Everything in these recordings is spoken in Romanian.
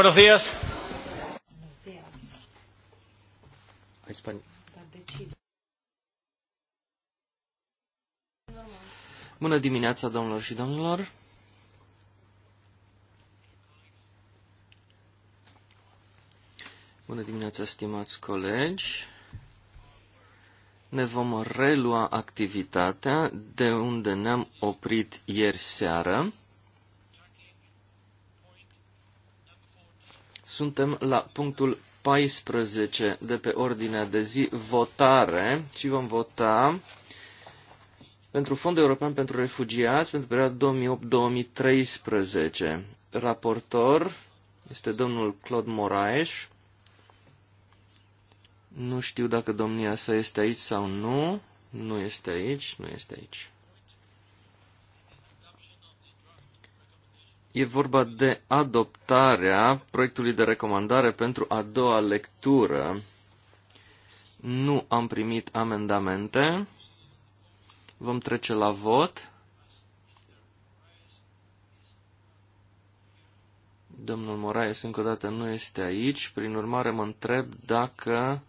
Buenos días. Bună dimineața, domnilor și domnilor. Bună dimineața, stimați colegi. Ne vom relua activitatea de unde ne-am oprit ieri seară. Suntem la punctul 14 de pe ordinea de zi, votare, și vom vota pentru Fondul European pentru Refugiați pentru perioada 2008-2013. Raportor este domnul Claude Moraes. Nu știu dacă domnia sa este aici sau nu. Nu este aici, nu este aici. E vorba de adoptarea proiectului de recomandare pentru a doua lectură. Nu am primit amendamente. Vom trece la vot. Domnul Moraes încă o dată nu este aici, prin urmare mă întreb dacă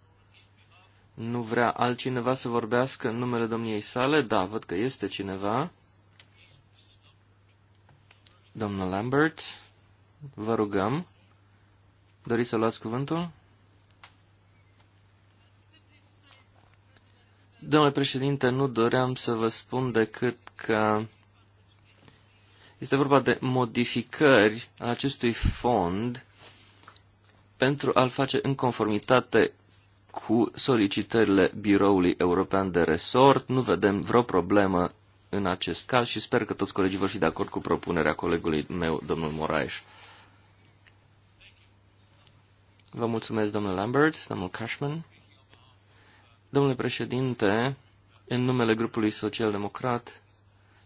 nu vrea altcineva să vorbească în numele domniei sale. Da, văd că este cineva. Domnul Lambert, vă rugăm, doriți să luați cuvântul? Domnule președinte, nu doream să vă spun decât că este vorba de modificări a acestui fond pentru a-l face în conformitate cu solicitările Biroului European de Resort. Nu vedem vreo problemă în acest caz și sper că toți colegii vor fi de acord cu propunerea colegului meu, domnul Moraes. Vă mulțumesc, domnul Lambert, domnul Cashman. Domnule președinte, în numele grupului social-democrat,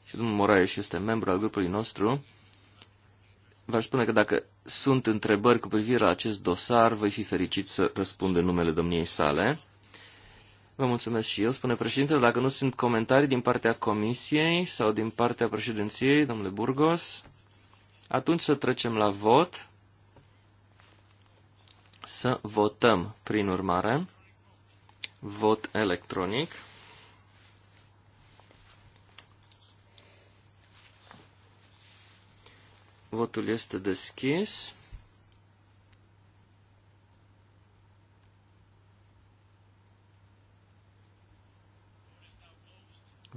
și domnul Moraes este membru al grupului nostru, v-aș spune că dacă sunt întrebări cu privire la acest dosar, voi fi fericit să răspund în numele domniei sale. Vă mulțumesc și eu, spune președintele. Dacă nu sunt comentarii din partea comisiei sau din partea președinției, domnule Burgos, atunci să trecem la vot. Să votăm, prin urmare, vot electronic. Votul este deschis.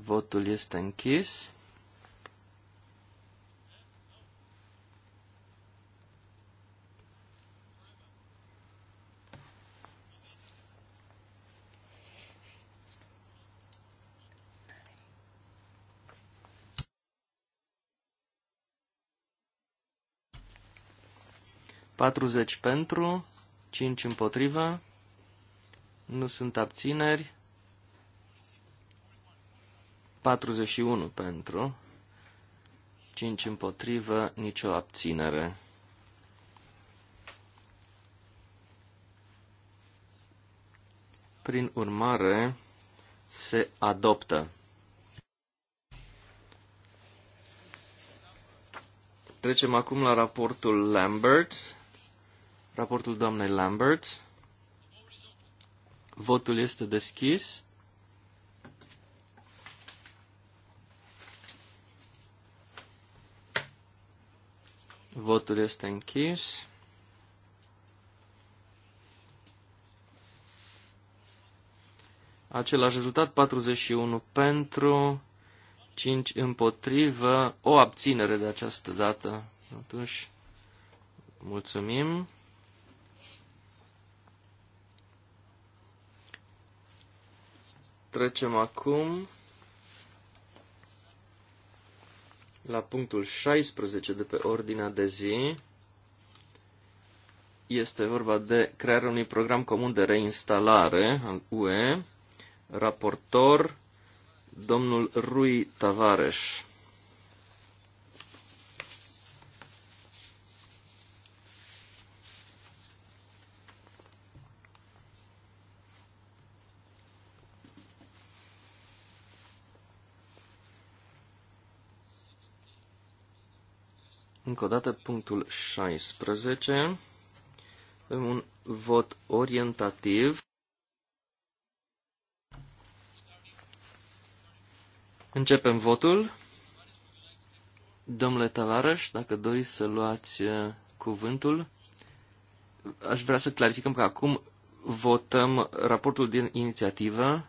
Votul este închis. Patruzeci pentru, cinci împotriva, nu sunt abțineri. 41 pentru, 5 împotrivă, nicio abținere. Prin urmare, se adoptă. Trecem acum la raportul Lambert, raportul doamnei Lambert. Votul este deschis. Votul este închis. Același rezultat, 41 pentru, 5 împotrivă, o abținere de această dată. Atunci, mulțumim. Trecem acum la punctul 16 de pe ordinea de zi. Este vorba de crearea unui program comun de reinstalare al UE. Raportor, domnul Rui Tavares. Încă o dată, punctul 16. Avem un vot orientativ. Începem votul. Domnule Tavarăș, dacă doriți să luați uh, cuvântul, aș vrea să clarificăm că acum votăm raportul din inițiativă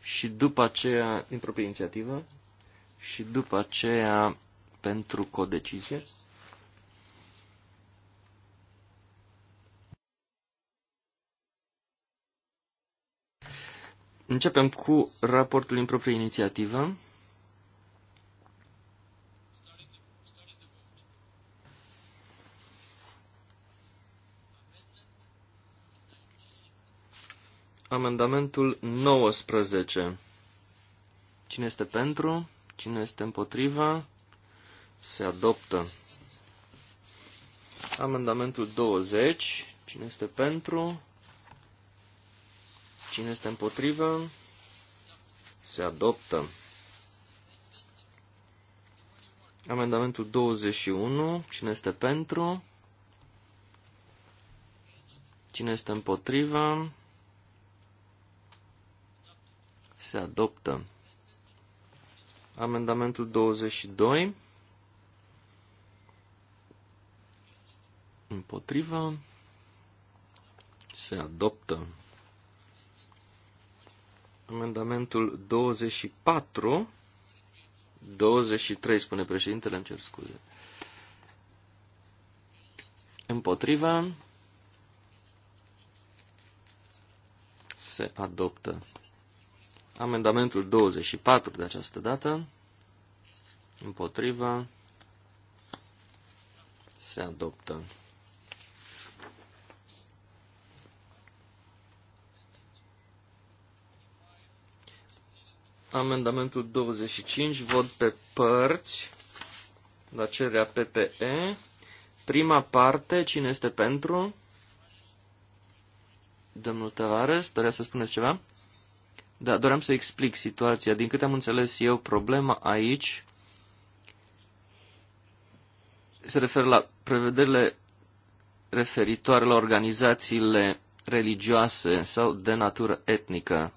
și după aceea, din proprie inițiativă, și după aceea pentru codecizie? Începem cu raportul în proprie inițiativă. Amendamentul 19. Cine este pentru? Cine este împotriva? se adoptă. Amendamentul 20. Cine este pentru? Cine este împotrivă? Se adoptă. Amendamentul 21. Cine este pentru? Cine este împotrivă? Se adoptă. Amendamentul 22. împotriva, se adoptă. Amendamentul 24, 23, spune președintele, îmi cer scuze. Împotriva, se adoptă. Amendamentul 24 de această dată, împotriva, se adoptă. Amendamentul 25, vot pe părți, la cererea PPE. Prima parte, cine este pentru? Domnul Tavares, dorea să spuneți ceva? Da, doream să explic situația. Din câte am înțeles eu, problema aici se referă la prevederile referitoare la organizațiile religioase sau de natură etnică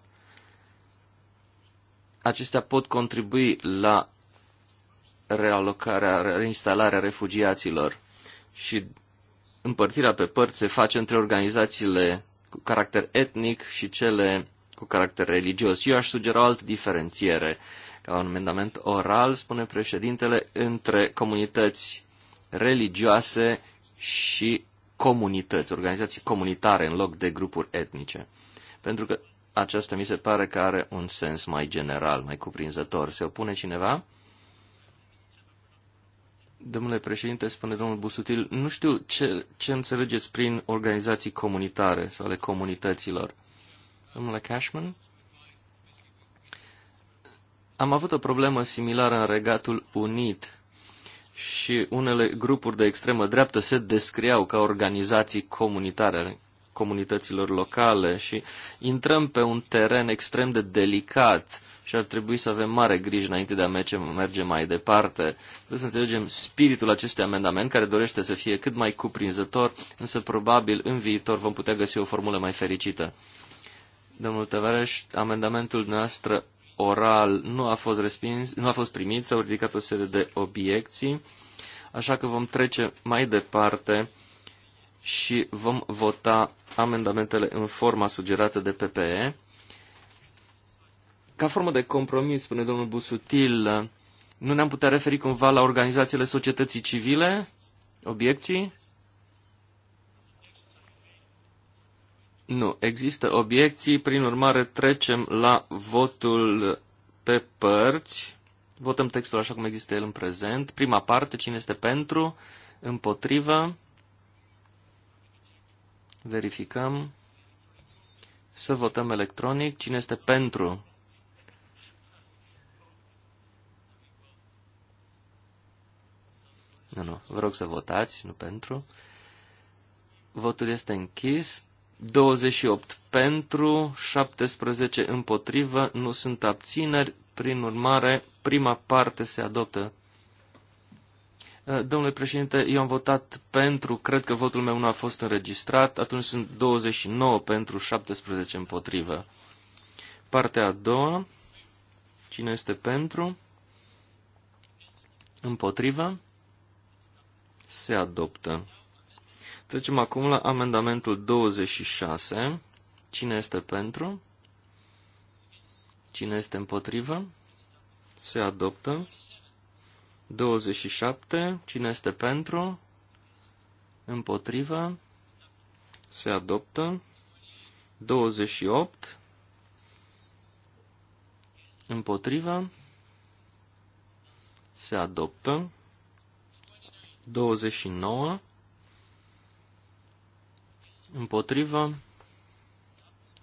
acestea pot contribui la realocarea, reinstalarea refugiaților și împărțirea pe părți se face între organizațiile cu caracter etnic și cele cu caracter religios. Eu aș sugera o altă diferențiere ca un amendament oral, spune președintele, între comunități religioase și comunități, organizații comunitare în loc de grupuri etnice. Pentru că aceasta mi se pare că are un sens mai general, mai cuprinzător. Se opune cineva? Domnule președinte, spune domnul Busutil, nu știu ce, ce înțelegeți prin organizații comunitare sau ale comunităților. Domnule Cashman? Am avut o problemă similară în Regatul Unit și unele grupuri de extremă dreaptă se descriau ca organizații comunitare comunităților locale și intrăm pe un teren extrem de delicat și ar trebui să avem mare grijă înainte de a merge, merge mai departe. Trebuie să înțelegem spiritul acestui amendament care dorește să fie cât mai cuprinzător, însă probabil în viitor vom putea găsi o formulă mai fericită. Domnul Tavares, amendamentul noastră oral nu a fost respins, nu a fost primit, s-au ridicat o serie de obiecții, așa că vom trece mai departe și vom vota amendamentele în forma sugerată de PPE. Ca formă de compromis, spune domnul Busutil, nu ne-am putea referi cumva la organizațiile societății civile? Obiecții? Nu, există obiecții, prin urmare trecem la votul pe părți. Votăm textul așa cum există el în prezent. Prima parte, cine este pentru, împotrivă, verificăm, să votăm electronic. Cine este pentru? Nu, nu, vă rog să votați, nu pentru. Votul este închis. 28 pentru, 17 împotrivă, nu sunt abțineri, prin urmare, prima parte se adoptă Eh, domnule președinte, eu am votat pentru, cred că votul meu nu a fost înregistrat, atunci sunt 29 pentru, 17 împotrivă. Partea a doua, cine este pentru? Împotriva? Se adoptă. Trecem acum la amendamentul 26. Cine este pentru? Cine este împotrivă? Se adoptă. 27. Cine este pentru? Împotriva? Se adoptă. 28. Împotriva? Se adoptă. 29. Împotriva?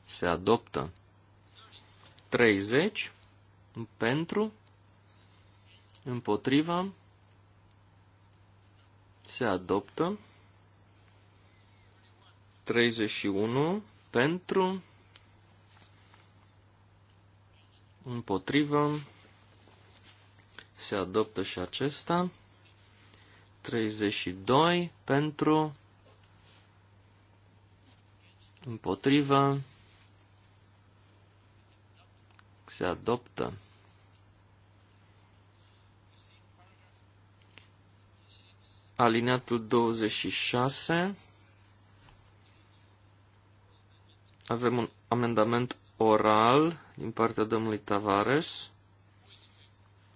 Se adoptă. 30. Pentru? Împotriva. Se adoptă. 31 pentru. Împotriva. Se adoptă și acesta. 32 pentru împotriva se adoptă Alineatul 26. Avem un amendament oral din partea domnului Tavares.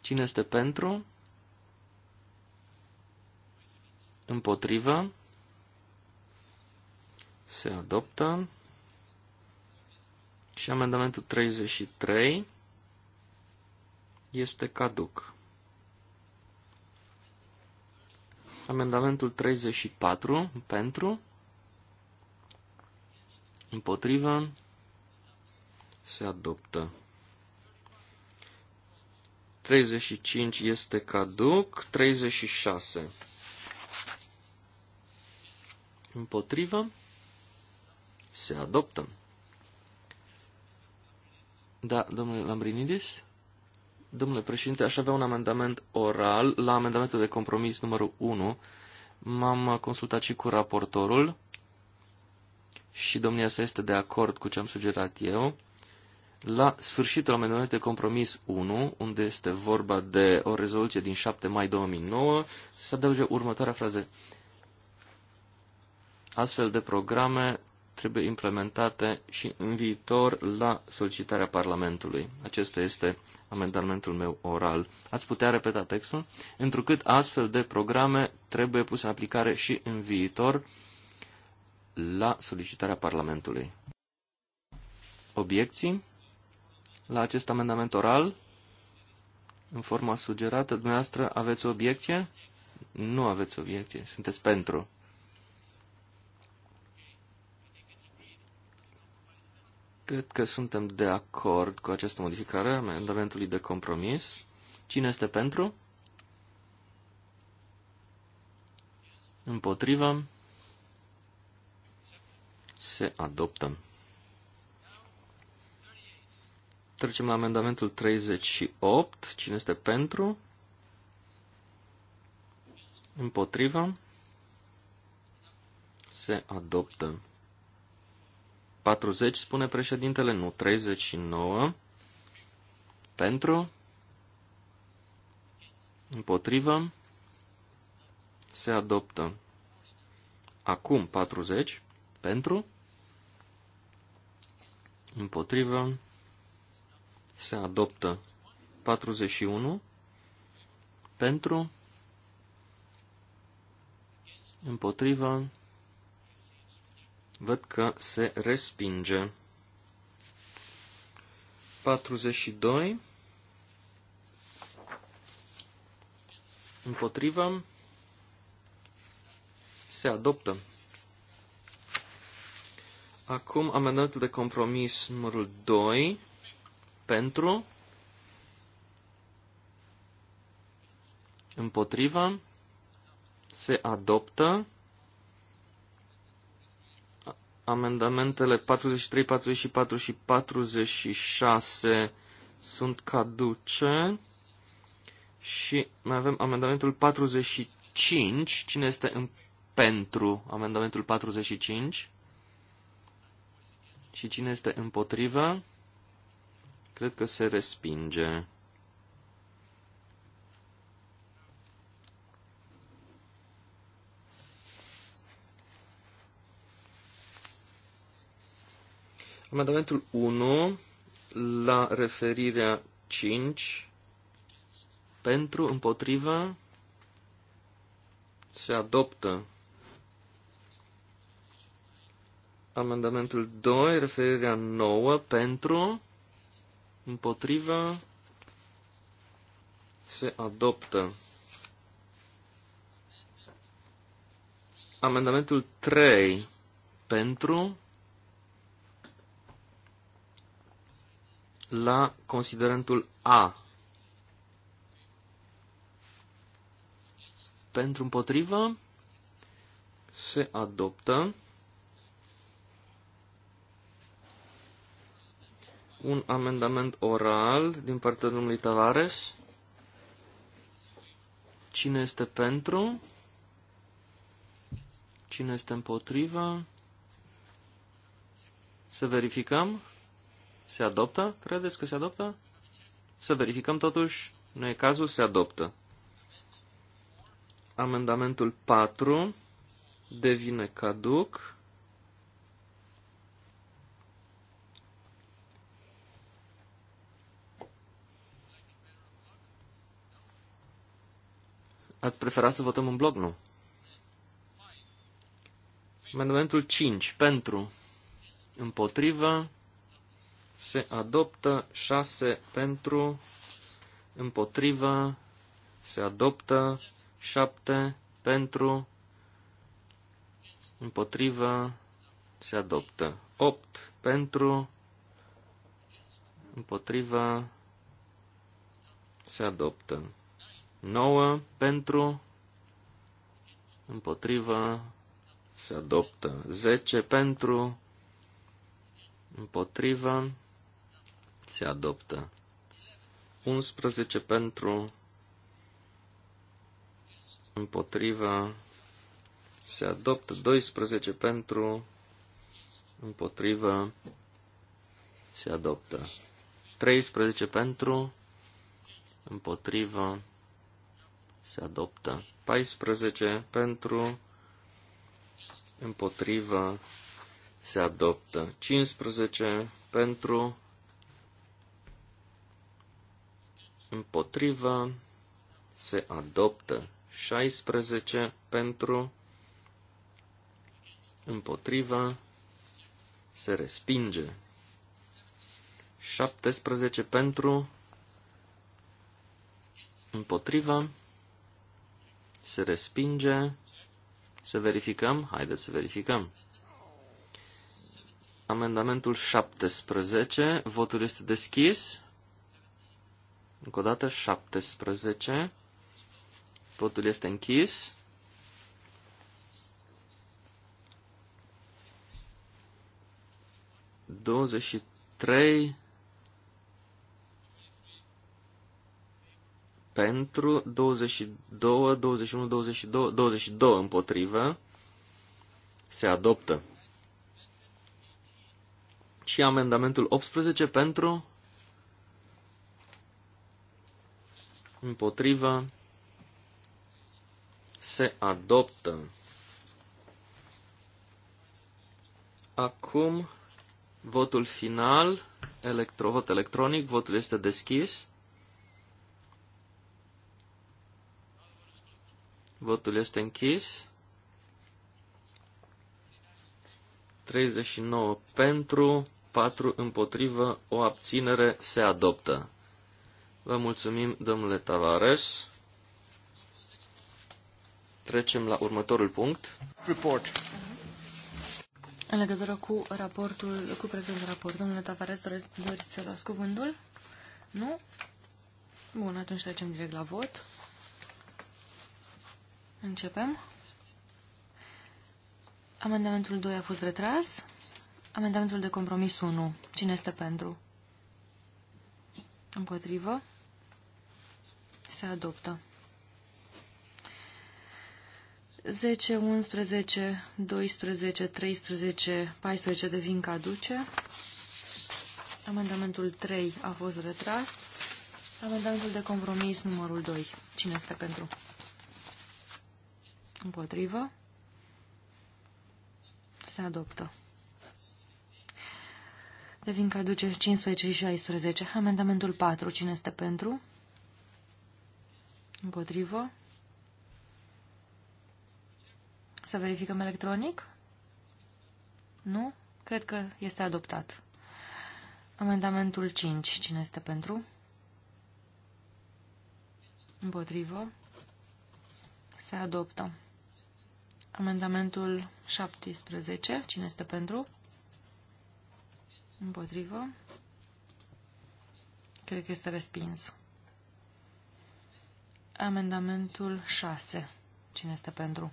Cine este pentru? Împotriva? Se adoptă. Și amendamentul 33 este caduc. Amendamentul 34 pentru, împotrivă, se adoptă. 35 este caduc, 36 împotrivă, se adoptă. Da, domnule Lambrinidis? Domnule președinte, aș avea un amendament oral la amendamentul de compromis numărul 1. M-am consultat și cu raportorul și domnia sa este de acord cu ce am sugerat eu. La sfârșitul amendamentului de compromis 1, unde este vorba de o rezoluție din 7 mai 2009, se adăuge următoarea frază. Astfel de programe trebuie implementate și în viitor la solicitarea Parlamentului. Acesta este amendamentul meu oral. Ați putea repeta textul? Întrucât astfel de programe trebuie puse în aplicare și în viitor la solicitarea Parlamentului. Obiecții la acest amendament oral? În forma sugerată, dumneavoastră aveți obiecție? Nu aveți obiecție, sunteți pentru. Cred că suntem de acord cu această modificare a amendamentului de compromis. Cine este pentru? Împotriva? Se adoptă. Trecem la amendamentul 38. Cine este pentru? Împotriva? Se adoptă. 40, spune președintele, nu, 39. Pentru, împotrivă, se adoptă. Acum 40, pentru, împotrivă, se adoptă. 41, pentru, împotrivă, Văd că se respinge. 42. Împotrivă. Se adoptă. Acum amendamentul de compromis numărul 2 pentru împotriva se adoptă Amendamentele 43, 44 și 46 sunt caduce și mai avem amendamentul 45. Cine este în pentru amendamentul 45? Și cine este împotrivă? Cred că se respinge. Amendamentul 1 la referirea 5 pentru, împotriva, se adoptă. Amendamentul 2, referirea 9, pentru, împotriva, se adoptă. Amendamentul 3, pentru, la considerentul A. Pentru împotrivă se adoptă un amendament oral din partea domnului Tavares. Cine este pentru? Cine este împotrivă? Să verificăm. Se adoptă? Credeți că se adoptă? Să verificăm totuși. Nu e cazul, se adoptă. Amendamentul 4 devine caduc. Ați prefera să votăm în bloc, nu? Amendamentul 5. Pentru. Împotrivă se adoptă, 6 pentru, împotrivă, se adoptă, 7 pentru, împotrivă, se adoptă, 8 pentru, împotrivă, se adoptă, 9 pentru, împotrivă, se adoptă, 10 pentru, împotrivă, se adoptă. 11 pentru, împotriva, se adoptă. 12 pentru, împotriva, se adoptă. 13 pentru, împotriva, se adoptă. 14 pentru, împotriva, se adoptă. 15 pentru, împotriva, se adoptă 16 pentru, împotriva, se respinge 17 pentru, împotriva, se respinge, să verificăm, haideți să verificăm. Amendamentul 17, votul este deschis. Încă o dată, 17. Votul este închis. Douăzeci și trei pentru, douăzeci 21, 22, două împotrivă, se adoptă. Și amendamentul 18 pentru, împotriva, se adoptă. Acum, votul final, electro, vot electronic, votul este deschis. Votul este închis. 39 pentru, 4 împotrivă, o abținere se adoptă. Vă mulțumim, domnule Tavares. Trecem la următorul punct. Report. În legătură cu raportul, cu prezentul raport, domnule Tavares, doriți să luați cuvântul? Nu? Bun, atunci trecem direct la vot. Începem. Amendamentul 2 a fost retras. Amendamentul de compromis 1. Cine este pentru? Împotrivă se adoptă. 10, 11, 12, 13, 14 devin caduce. Amendamentul 3 a fost retras. Amendamentul de compromis numărul 2. Cine este pentru? Împotrivă. Se adoptă. Devin caduce 15 și 16. Amendamentul 4. Cine este pentru? Împotrivă. Să verificăm electronic? Nu? Cred că este adoptat. Amendamentul 5. Cine este pentru? Împotrivă. Se adoptă. Amendamentul 17. Cine este pentru? Împotrivă. Cred că este respins. Amendamentul 6. Cine este pentru?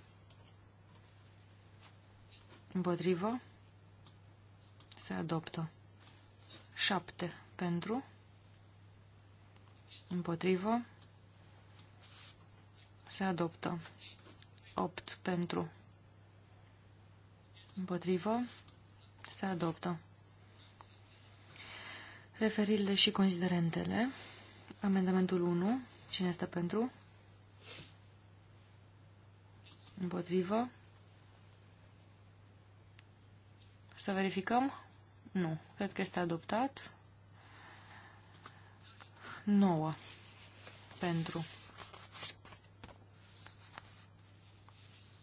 Împotrivă? Se adoptă. 7. Pentru? Împotrivă? Se adoptă. 8. Pentru? Împotrivă? Se adoptă. Referirile și considerentele. Amendamentul 1. Cine este pentru? Împotrivă. Să verificăm? Nu. Cred că este adoptat. 9. Pentru.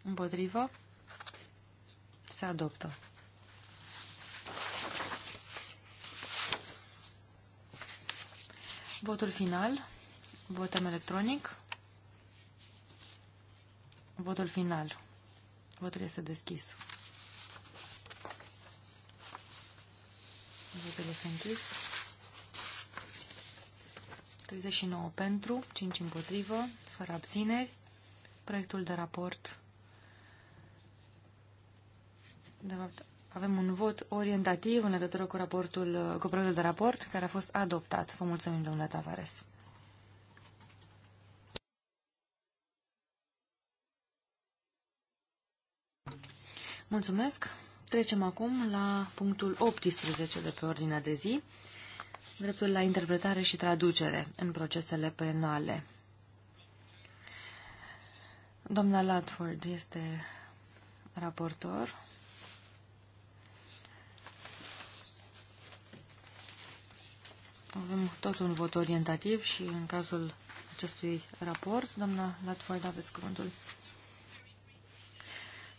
Împotrivă. Se adoptă. Votul final. Votăm electronic. Votul final. Votul este deschis. Votul este închis. 39 pentru, 5 împotrivă, fără abțineri. Proiectul de raport. De fapt, avem un vot orientativ în legătură cu raportul, cu proiectul de raport care a fost adoptat. Vă mulțumim, domnule Tavares. Mulțumesc. Trecem acum la punctul 18 de pe ordinea de zi, dreptul la interpretare și traducere în procesele penale. Doamna Latford este raportor. Avem tot un vot orientativ și în cazul acestui raport, doamna Latford, aveți cuvântul.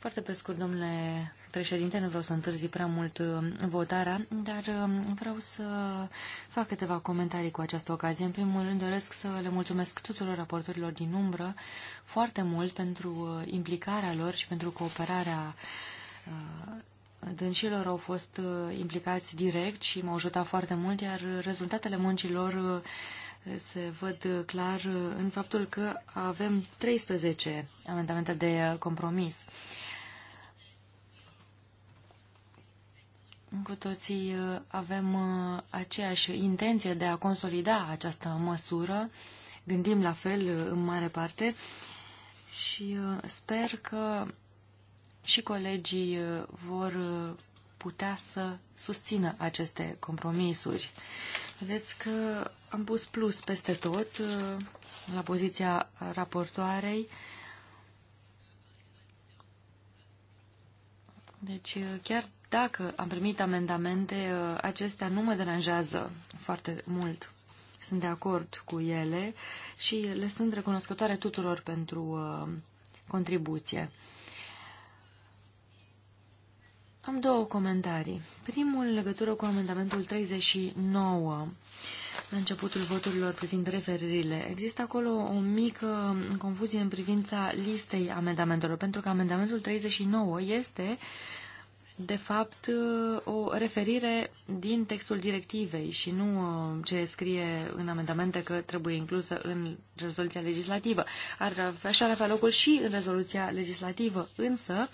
Foarte pe scurt, domnule președinte, nu vreau să întârzi prea mult uh, votarea, dar um, vreau să fac câteva comentarii cu această ocazie. În primul rând, doresc să le mulțumesc tuturor raportorilor din umbră foarte mult pentru uh, implicarea lor și pentru cooperarea uh, Dânșilor au fost implicați direct și m-au ajutat foarte mult, iar rezultatele muncilor se văd clar în faptul că avem 13 amendamente de compromis. Cu toții uh, avem uh, aceeași intenție de a consolida această măsură, gândim la fel uh, în mare parte și sper că și colegii vor putea să susțină aceste compromisuri. Vedeți că am pus plus peste tot la poziția raportoarei. Deci chiar dacă am primit amendamente, ă, acestea nu mă deranjează foarte mult. Sunt de acord cu ele și le sunt recunoscătoare tuturor pentru ă, contribuție. Am două comentarii. Primul, în legătură cu amendamentul 39, la începutul voturilor privind referirile. Există acolo o mică confuzie în privința listei amendamentelor, pentru că amendamentul 39 este uh, de fapt, o referire din textul directivei și nu uh, ce scrie în amendamente că trebuie inclusă în rezoluția legislativă. Ar așa ar avea locul și în rezoluția legislativă, însă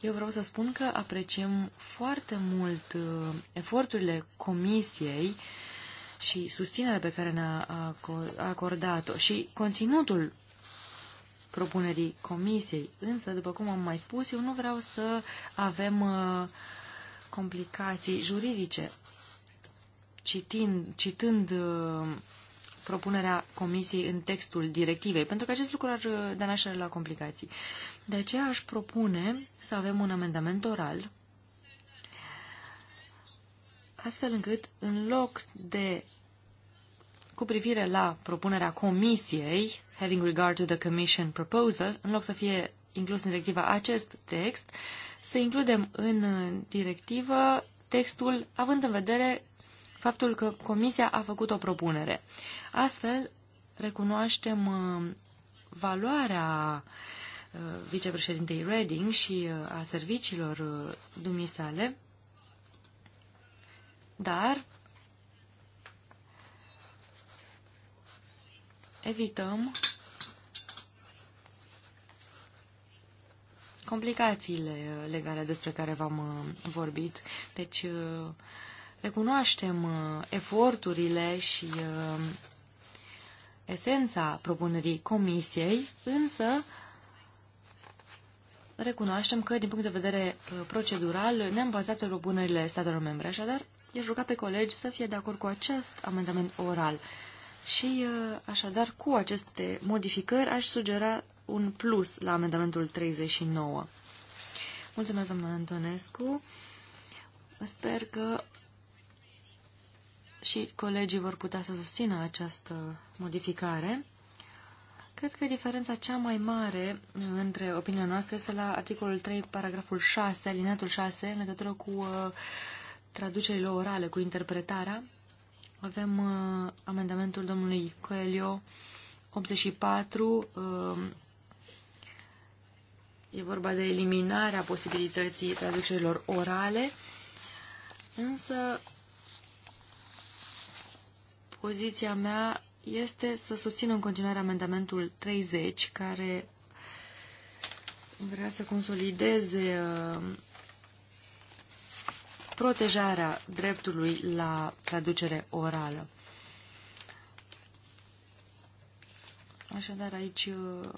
eu vreau să spun că apreciem foarte mult uh, eforturile comisiei și susținerea pe care ne-a uh, acordat-o și conținutul propunerii comisiei. Însă, după cum am mai spus, eu nu vreau să avem uh, complicații juridice. Citind, citând uh, propunerea comisiei în textul directivei, pentru că acest lucru ar da naștere la complicații. De aceea aș propune să avem un amendament oral, astfel încât, în loc de cu privire la propunerea Comisiei, having regard to the Commission proposal, în loc să fie inclus în directiva acest text, să includem în directivă textul având în vedere faptul că Comisia a făcut o propunere. Astfel, recunoaștem uh, valoarea uh, vicepreședintei Reding și uh, a serviciilor dumisale, dar evităm complicațiile legale despre care v-am uh, vorbit. Deci, uh, recunoaștem uh, eforturile și esența propunerii comisiei, însă recunoaștem că, din punct de vedere procedural, ne-am bazat pe propunerile statelor membre. Așadar, i-aș ruga pe colegi să fie de acord cu acest amendament oral și uh, așadar, cu aceste modificări, aș sugera un plus la amendamentul 39. Mulțumesc, domnule Antonescu. Sper că și colegii vor putea să susțină această modificare. Cred că diferența cea mai mare între opinia noastră este la articolul 3, paragraful 6, alineatul 6, în legătură cu uh, traducerile orale, cu interpretarea. Avem uh, amendamentul domnului Coelio 84. Uh, e vorba de eliminarea posibilității traducerilor orale, însă poziția mea este să susțin în continuare amendamentul 30, care vrea să consolideze uh, protejarea dreptului la traducere orală. Așadar, aici uh,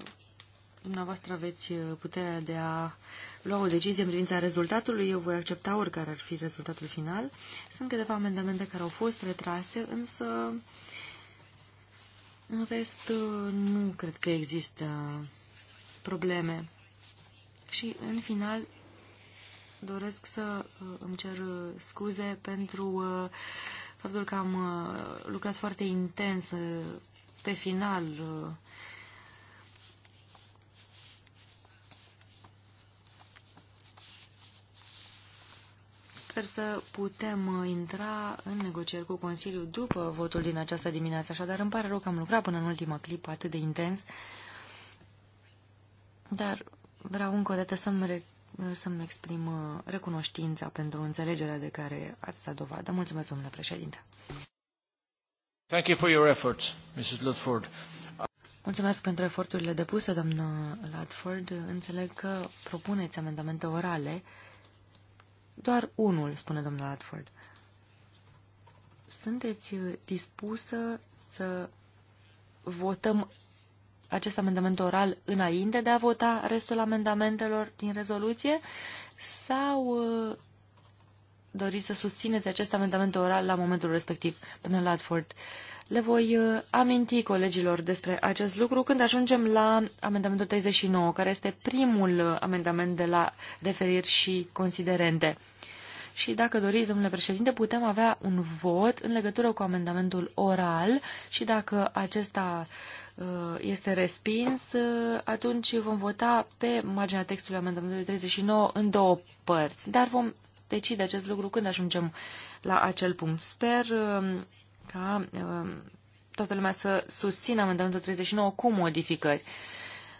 dumneavoastră aveți uh, puterea de a lua o decizie în privința rezultatului. Eu voi accepta oricare ar fi rezultatul final. Sunt câteva amendamente care au fost retrase, însă în rest uh, nu cred că există probleme. Și în final doresc să uh, îmi cer uh, scuze pentru uh, faptul că am lucrat foarte intens pe final. Sper să putem intra în negocieri cu Consiliul după votul din această dimineață, așadar îmi pare rău că am lucrat până în ultima clipă atât de intens, dar vreau încă o dată să-mi să-mi exprim uh, recunoștința pentru înțelegerea de care ați dat dovadă. Mulțumesc, domnule președinte. Thank you for your efforts, Mrs. Ludford. Mulțumesc pentru eforturile depuse, doamnă Ludford. Înțeleg că propuneți amendamente orale. Doar unul, spune domnul Ludford. Sunteți uh, dispusă să votăm acest amendament oral înainte de a vota restul amendamentelor din rezoluție sau uh, doriți să susțineți acest amendament oral la momentul respectiv, domnule Ladford? Le voi uh, aminti colegilor despre acest lucru când ajungem la amendamentul 39, care este primul uh, amendament de la referiri și considerente. Și dacă doriți, domnule președinte, putem avea un vot în legătură cu amendamentul oral și dacă acesta uh, Uh, este respins, uh, atunci vom vota pe marginea textului amendamentului 39 în două părți. Dar vom decide acest lucru când ajungem la acel punct. Sper um, ca um, toată lumea să susțină amendamentul 39 cu modificări.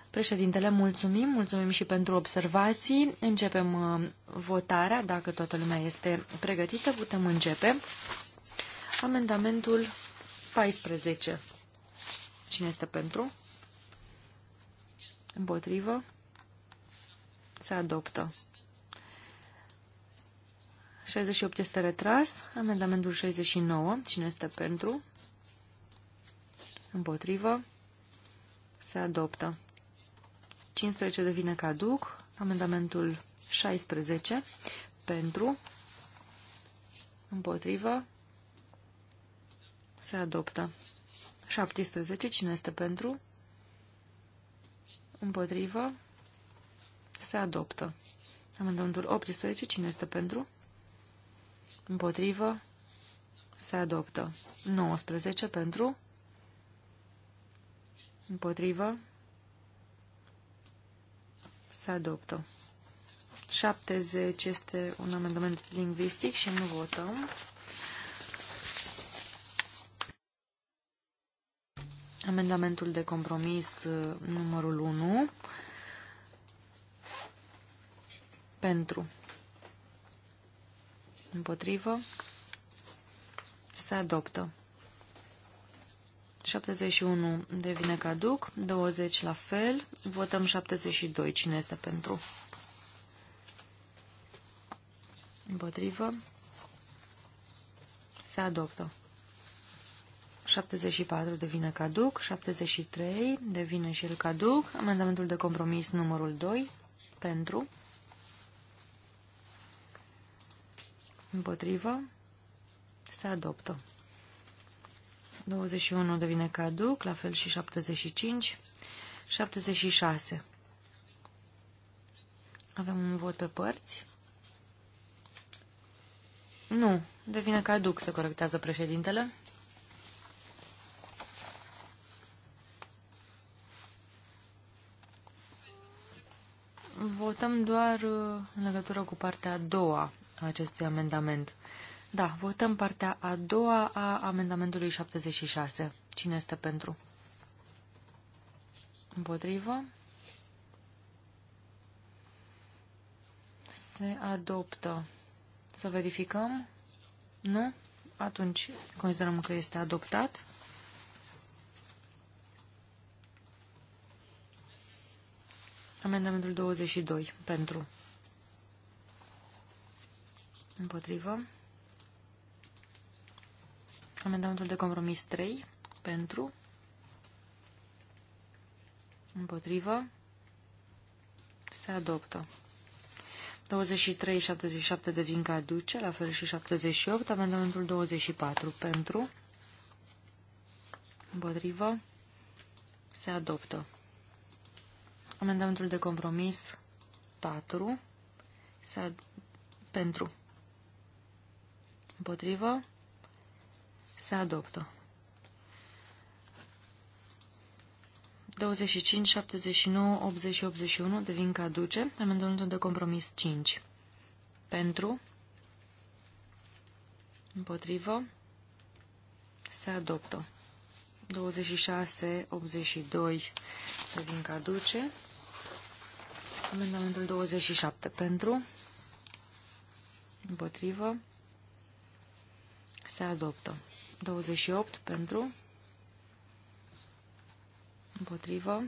Președintele, mulțumim, mulțumim și pentru observații. Începem uh, votarea. Dacă toată lumea este pregătită, putem începe. Amendamentul 14. Cine este pentru? Împotrivă? Se adoptă. 68 este retras. Amendamentul 69. Cine este pentru? Împotrivă? Se adoptă. 15 devine caduc. Amendamentul 16. Pentru? Împotrivă? Se adoptă. 17. Cine este pentru? Împotrivă. Se adoptă. Amendamentul 18. Cine este pentru? Împotrivă. Se adoptă. 19. Pentru? Împotrivă. Se adoptă. 70 este un amendament lingvistic și nu votăm. Amendamentul de compromis uh, numărul 1 pentru împotrivă se adoptă. 71 devine caduc, 20 la fel, votăm 72, cine este pentru? Împotrivă. Se adoptă. 74 devine caduc, 73 devine și el caduc, amendamentul de compromis numărul 2 pentru, împotrivă, se adoptă. 21 devine caduc, la fel și 75, 76. Avem un vot pe părți. Nu, devine caduc, se corectează președintele. votăm doar uh, în legătură cu partea a doua a acestui amendament. Da, votăm partea a doua a amendamentului 76. Cine este pentru? Împotrivă? Se adoptă. Să verificăm? Nu? Atunci considerăm că este adoptat. Amendamentul 22. Pentru. Împotrivă. Amendamentul de compromis 3. Pentru. Împotrivă. Se adoptă. 23 77 devin caduce, la fel și 78. Amendamentul 24. Pentru. Împotrivă. Se adoptă. Amendamentul de compromis 4 s-a pentru. Împotrivă se adoptă. 25, 79, 80 și 81 devin caduce. Amendamentul de compromis 5. Pentru. Împotrivă. Se adoptă. 26, 82 devin caduce. Amendamentul 27 pentru, împotrivă, se adoptă. 28 pentru, împotrivă,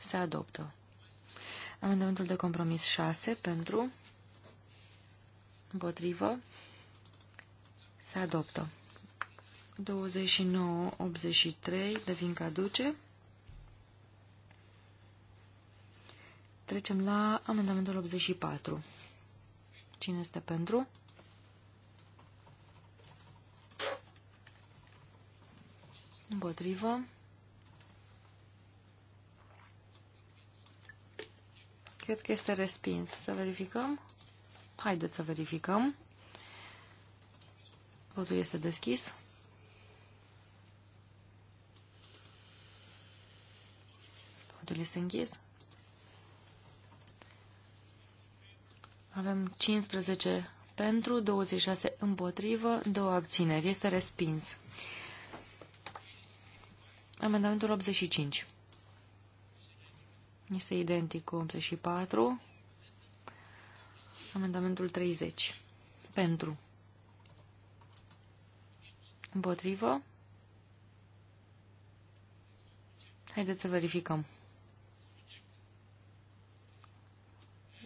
se adoptă. Amendamentul de compromis 6 pentru, împotrivă, se adoptă. 29-83 devin caduce. Trecem la amendamentul 84. Cine este pentru? Împotrivă. Cred că este respins. Să verificăm? Haideți să verificăm. Votul este deschis. Votul este închis. Avem 15 pentru, 26 împotrivă, 2 abțineri. Este respins. Amendamentul 85. Este identic cu 84. Amendamentul 30. Pentru. Împotrivă. Haideți să verificăm.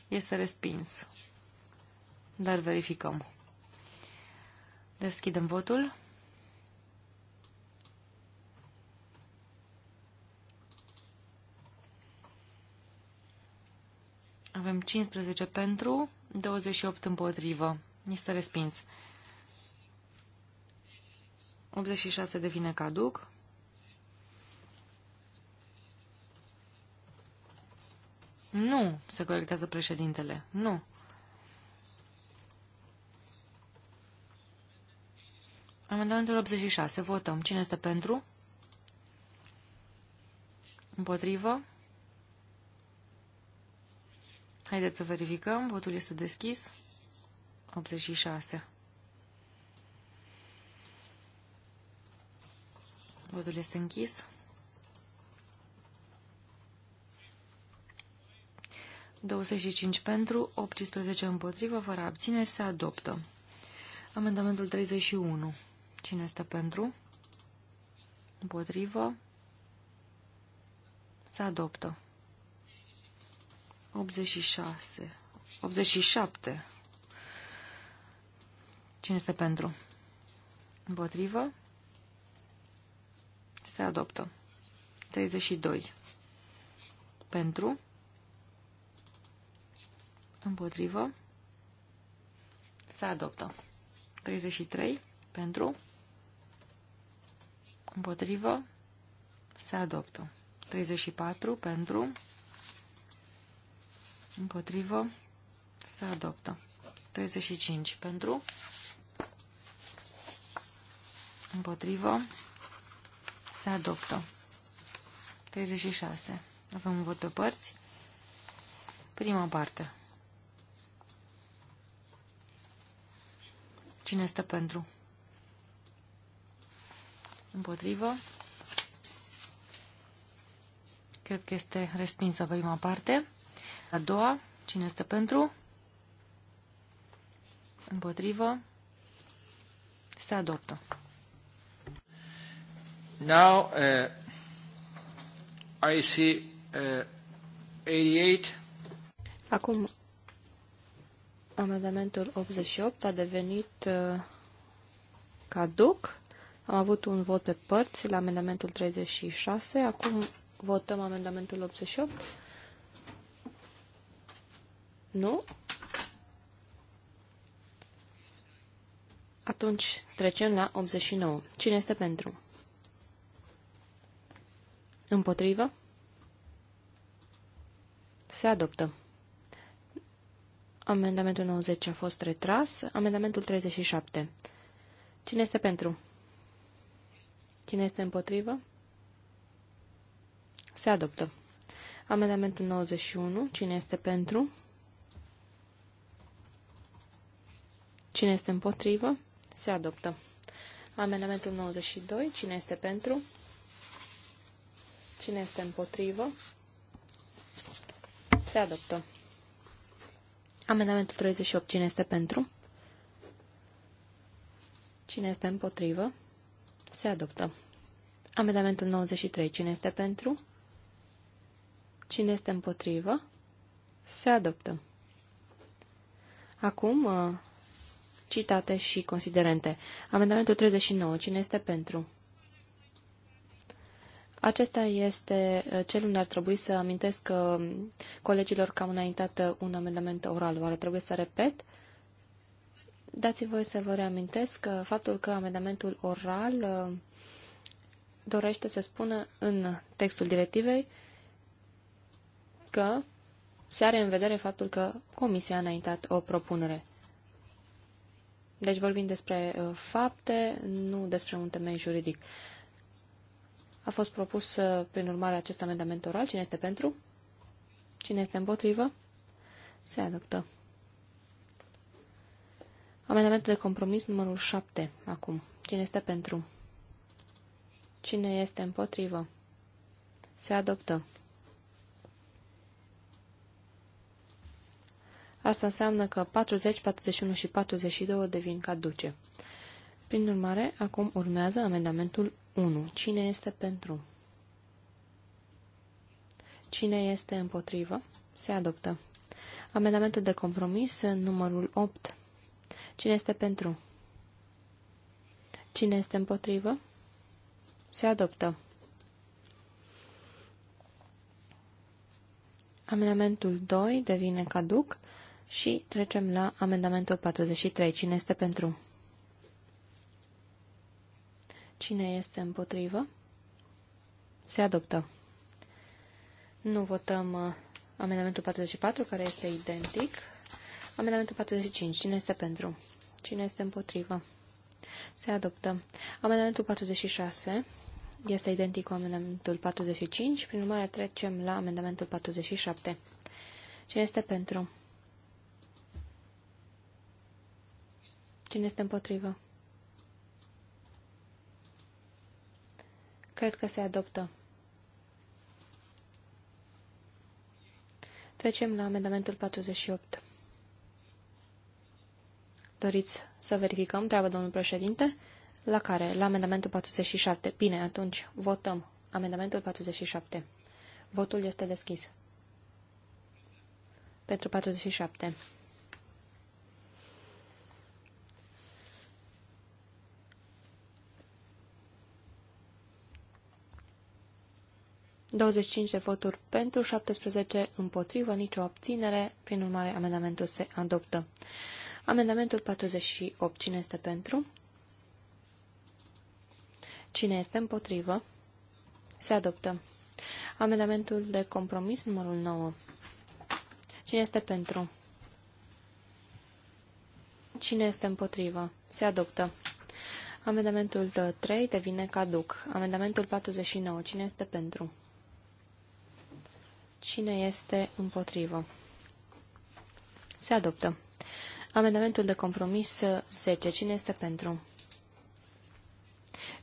Este respins dar verificăm. Deschidem votul. Avem 15 pentru, 28 împotrivă. Este respins. 86 devine caduc. Nu, se corectează președintele. Nu. Amendamentul 86. Votăm. Cine este pentru? Împotrivă? Haideți să verificăm. Votul este deschis. 86. Votul este închis. cinci pentru, 18 împotrivă, fără abțineri, se adoptă. Amendamentul 31. Cine este pentru? Împotrivă? Se adoptă. 86. 87. Cine este pentru? Împotrivă? Se adoptă. 32. Pentru? Împotrivă? Se adoptă. 33. Pentru? Împotrivă. Se adoptă. 34 pentru. Împotrivă. Se adoptă. 35 pentru. Împotrivă. Se adoptă. 36. Avem un vot pe părți. Prima parte. Cine stă pentru? Împotrivă. Cred că este respinsă prima parte. A doua. Cine este pentru? Împotrivă. Se adoptă. Now, uh, I see uh, 88. Acum, amendamentul 88 a devenit uh, caduc am avut un vot pe părți la amendamentul 36. Acum votăm amendamentul 88. Nu? Atunci trecem la 89. Cine este pentru? Împotrivă? Se adoptă. Amendamentul 90 a fost retras. Amendamentul 37. Cine este pentru? Cine este împotrivă? Se adoptă. Amendamentul 91. Cine este pentru? Cine este împotrivă? Se adoptă. Amendamentul 92. Cine este pentru? Cine este împotrivă? Se adoptă. Amendamentul 38. Cine este pentru? Cine este împotrivă? Se adoptă. Amendamentul 93. Cine este pentru? Cine este împotrivă? Se adoptă. Acum, uh, citate și considerente. Amendamentul 39. Cine este pentru? Acesta este uh, cel unde ar trebui să amintesc uh, colegilor că am înaintat un amendament oral. Oare trebuie să repet? Dați-mi să vă reamintesc că faptul că amendamentul oral uh, dorește să spună în textul directivei că se are în vedere faptul că Comisia a înaintat o propunere. Deci vorbim despre uh, fapte, nu despre un temei juridic. A fost propus, uh, prin urmare, acest amendament oral. Cine este pentru? Cine este împotrivă? Se adoptă. Amendamentul de compromis numărul 7. Acum. Cine este pentru? Cine este împotrivă? Se adoptă. Asta înseamnă că 40, 41 și 42 devin caduce. Prin urmare, acum urmează amendamentul 1. Cine este pentru? Cine este împotrivă? Se adoptă. Amendamentul de compromis numărul 8. Cine este pentru? Cine este împotrivă? Se adoptă. Amendamentul 2 devine caduc și trecem la amendamentul 43. Cine este pentru? Cine este împotrivă? Se adoptă. Nu votăm uh, amendamentul 44, care este identic. Amendamentul 45. Cine este pentru? Cine este împotrivă? Se adoptă. Amendamentul 46 este identic cu amendamentul 45. Prin urmare, trecem la amendamentul 47. Cine este pentru? Cine este împotrivă? Cred că se adoptă. Trecem la amendamentul 48. Doriți să verificăm? Treabă, domnul președinte. La care? La amendamentul 47. Bine, atunci votăm. Amendamentul 47. Votul este deschis. Pentru 47. ...25 de voturi pentru, 17 împotrivă, nicio abținere, prin urmare amendamentul se adoptă. Amendamentul 48. Cine este pentru? Cine este împotrivă? Se adoptă. Amendamentul de compromis numărul 9. Cine este pentru? Cine este împotrivă? Se adoptă. Amendamentul 3 devine caduc. Amendamentul 49. Cine este pentru? Cine este împotrivă? Se adoptă. Amendamentul de compromis 10. Uh, Cine este pentru?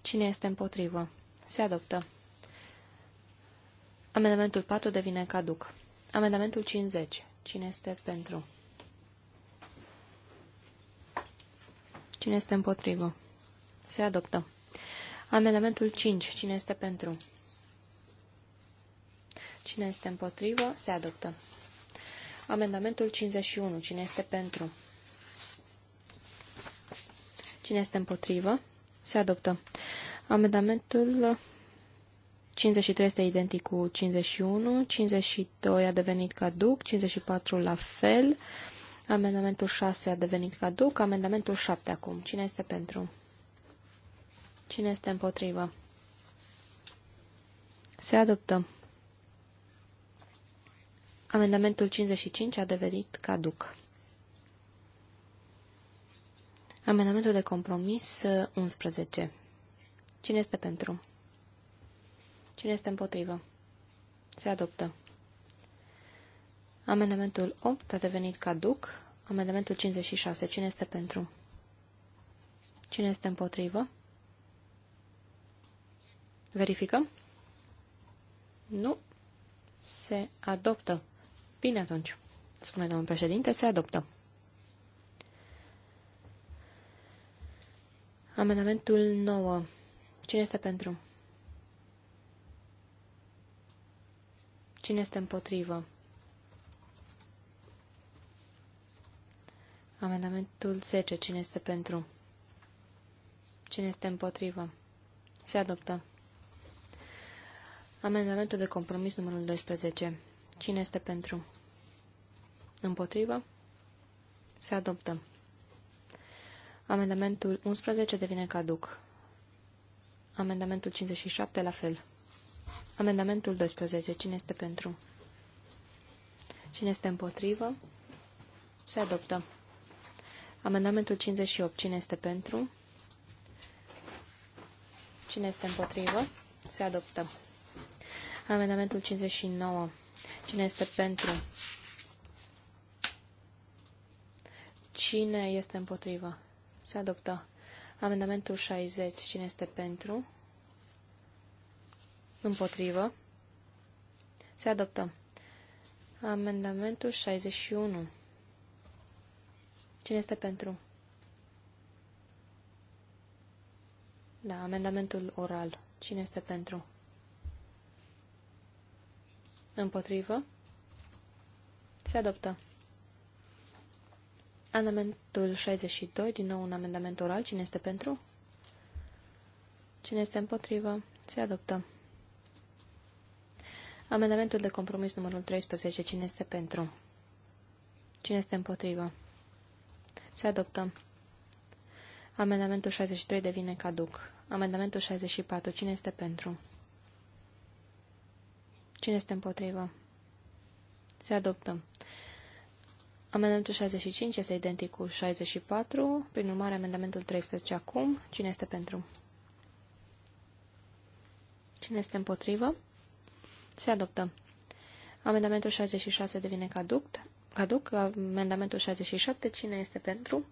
Cine este împotrivă? Se adoptă. Amendamentul 4 devine caduc. Amendamentul 50. Cine este pentru? Cine este împotrivă? Se adoptă. Amendamentul 5. Cine este pentru? Cine este împotrivă? Se adoptă. Amendamentul 51. Cine este pentru? Cine este împotrivă? Se adoptă. Amendamentul 53 este identic cu 51, 52 a devenit caduc, 54 la fel, amendamentul 6 a devenit caduc, amendamentul 7 acum. Cine este pentru? Cine este împotrivă? Se adoptă. Amendamentul 55 a devenit caduc. Amendamentul de compromis 11. Uh, Cine este pentru? Cine este împotrivă? Se adoptă. Amendamentul 8 a devenit caduc. Amendamentul 56. Cine este pentru? Cine este împotrivă? Verificăm? Nu. Se adoptă. Bine atunci. Spune domnul președinte, se adoptă. Amendamentul 9. Cine este pentru? Cine este împotrivă? Amendamentul 10. Cine este pentru? Cine este împotrivă? Se adoptă. Amendamentul de compromis numărul 12. Cine este pentru? Împotrivă? Se adoptă. Amendamentul 11 devine caduc. Amendamentul 57 la fel. Amendamentul 12. Cine este pentru? Cine este împotrivă? Se adoptă. Amendamentul 58. Cine este pentru? Cine este împotrivă? Se adoptă. Amendamentul 59. Cine este pentru? Cine este împotrivă? Se adoptă. Amendamentul 60. Cine este pentru? Împotrivă. Se adoptă. Amendamentul 61. Cine este pentru? Da, amendamentul oral. Cine este pentru? Împotrivă. Se adoptă. Amendamentul 62, din nou un amendament oral. Cine este pentru? Cine este împotrivă? Se adoptă. Amendamentul de compromis numărul 13. Cine este pentru? Cine este împotrivă? Se adoptă. Amendamentul 63 devine caduc. Amendamentul 64. Cine este pentru? Cine este împotrivă? Se adoptă. Amendamentul 65 este identic cu 64. Prin urmare, amendamentul 13 acum. Cine este pentru? Cine este împotrivă? Se adoptă. Amendamentul 66 devine caduc. Caduc. Amendamentul 67. Cine este pentru?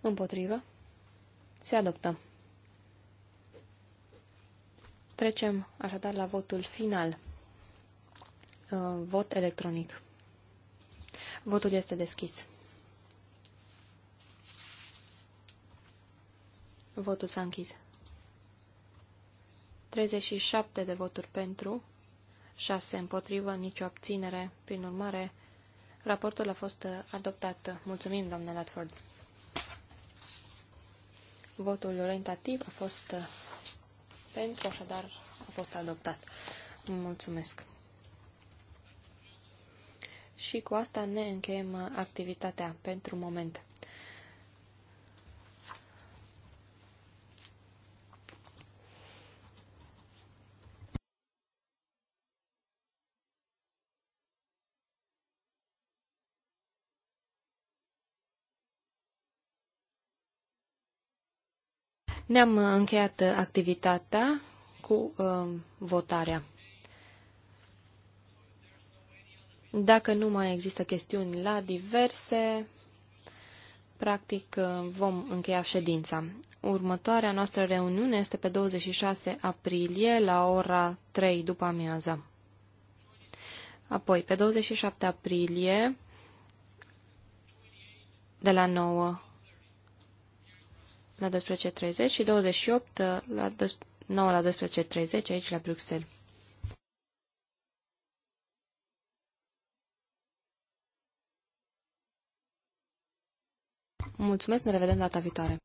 Împotrivă. Se adoptă. Trecem așadar la votul final. Uh, vot electronic. Votul este deschis. Votul s-a închis. 37 de voturi pentru, 6 împotrivă, nicio abținere. Prin urmare, raportul a fost adoptat. Mulțumim, domnule Latford. Votul orientativ a fost uh, pentru, așadar a fost adoptat. Mulțumesc și cu asta ne încheiem uh, activitatea pentru moment. Ne-am uh, încheiat uh, activitatea cu uh, votarea. Dacă nu mai există chestiuni la diverse, practic vom încheia ședința. Următoarea noastră reuniune este pe 26 aprilie la ora 3 după amiaza. Apoi, pe 27 aprilie, de la 9 la 12.30 și 28 la 9 la 12.30 aici la Bruxelles. Mulțumesc, ne revedem data viitoare.